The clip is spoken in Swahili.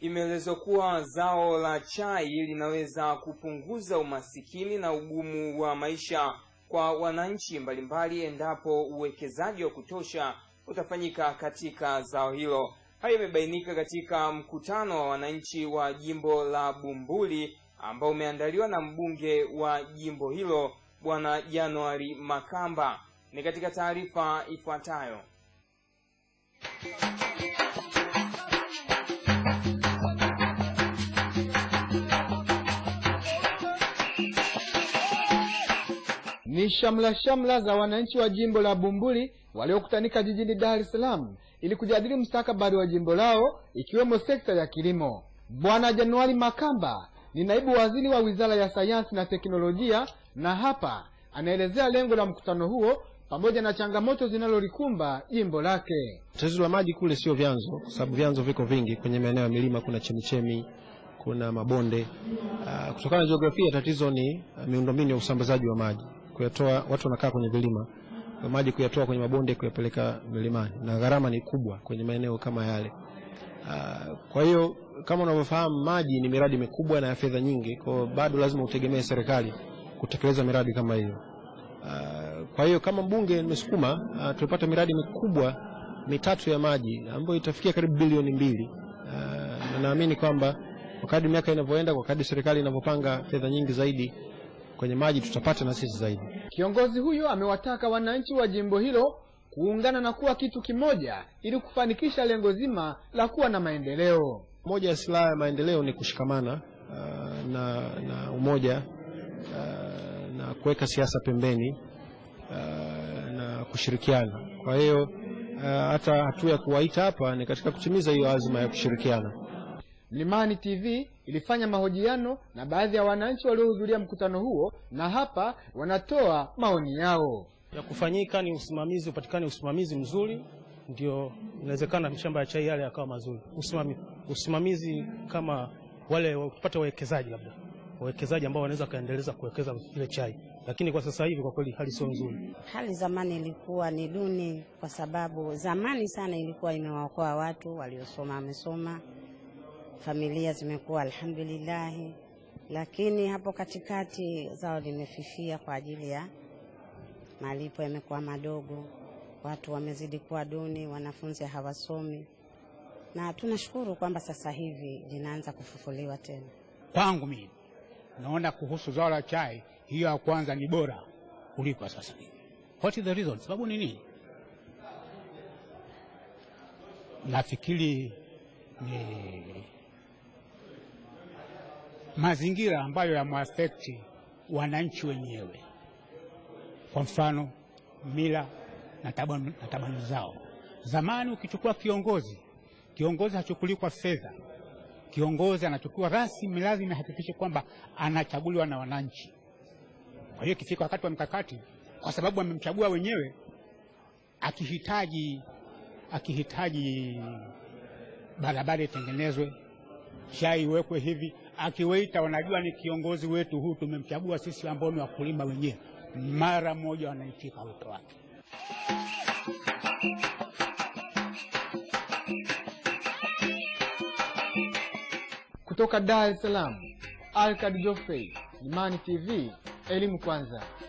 Imeelezwa kuwa zao la chai linaweza kupunguza umasikini na ugumu wa maisha kwa wananchi mbalimbali endapo uwekezaji wa kutosha utafanyika katika zao hilo. Hayo imebainika katika mkutano wa wananchi wa jimbo la Bumbuli ambao umeandaliwa na mbunge wa jimbo hilo Bwana Januari Makamba. Ni katika taarifa ifuatayo. ni shamla shamla za wananchi wa jimbo la Bumbuli waliokutanika jijini Dar es Salaam ili kujadili mstakabali wa jimbo lao ikiwemo sekta ya kilimo. Bwana Januari Makamba ni naibu waziri wa Wizara ya Sayansi na Teknolojia, na hapa anaelezea lengo la mkutano huo pamoja na changamoto zinalolikumba jimbo lake. Tatizo la maji kule sio vyanzo, kwa sababu vyanzo viko vingi kwenye maeneo ya milima, kuna chemichemi, kuna mabonde. Ah, kutokana na jiografia, tatizo ni ah, miundombinu ya usambazaji wa maji kuyatoa, watu wanakaa kwenye vilima, maji kuyatoa kwenye mabonde kuyapeleka milimani, na gharama ni kubwa kwenye maeneo kama yale. Uh, kwa hiyo kama unavyofahamu maji ni miradi mikubwa na ya fedha nyingi, kwa bado lazima utegemee serikali kutekeleza miradi kama hiyo. Uh, kwa hiyo kama mbunge nimesukuma, uh, tumepata miradi mikubwa mitatu ya maji ambayo itafikia karibu bilioni mbili. Uh, naamini kwamba kwa kadri miaka inavyoenda, kwa kadri serikali inavyopanga fedha nyingi zaidi kwenye maji tutapata na sisi zaidi. Kiongozi huyo amewataka wananchi wa jimbo hilo kuungana na kuwa kitu kimoja ili kufanikisha lengo zima la kuwa na maendeleo. Moja ya silaha ya maendeleo ni kushikamana uh, na, na umoja uh, na kuweka siasa pembeni uh, na kushirikiana. Kwa hiyo uh, hata hatua ya kuwaita hapa ni katika kutimiza hiyo azma ya kushirikiana. Mlimani TV ilifanya mahojiano na baadhi ya wananchi waliohudhuria mkutano huo, na hapa wanatoa maoni yao. ya kufanyika ni usimamizi, upatikane usimamizi mzuri, ndio inawezekana mashamba ya chai yale yakawa mazuri. Usimamizi, usimamizi kama wale wapata wawekezaji, labda wawekezaji ambao wanaweza wakaendeleza kuwekeza ile chai, lakini kwa sasa hivi kwa kweli hali sio nzuri. Hali zamani ilikuwa ni duni, kwa sababu zamani sana ilikuwa imewaokoa watu waliosoma, wamesoma familia zimekuwa alhamdulillahi, lakini hapo katikati zao limefifia kwa ajili ya malipo yamekuwa madogo, watu wamezidi kuwa duni, wanafunzi hawasomi, na tunashukuru kwamba sasa hivi linaanza kufufuliwa tena. Kwangu mimi naona kuhusu zao la chai, hiyo ya kwanza ni bora kuliko sasa hivi. What is the reason? Sababu ni nini? Nafikiri ni mazingira ambayo yamwafekti wananchi wenyewe, kwa mfano mila na tabani zao. Zamani ukichukua kiongozi, kiongozi hachukuliwi kwa fedha. Kiongozi anachukuliwa rasmi, lazima ahakikishe kwamba anachaguliwa na wananchi. Kwa hiyo ikifika wakati wa mkakati kwa sababu amemchagua wenyewe, akihitaji akihitaji barabara itengenezwe, chai iwekwe hivi, akiwaita wanajua ni kiongozi wetu huu, tumemchagua sisi ambao ni wakulima wenyewe, mara moja wanaitika wito wake. Kutoka Dar es Salaam, Alkad Jofrey, Imani TV, elimu kwanza.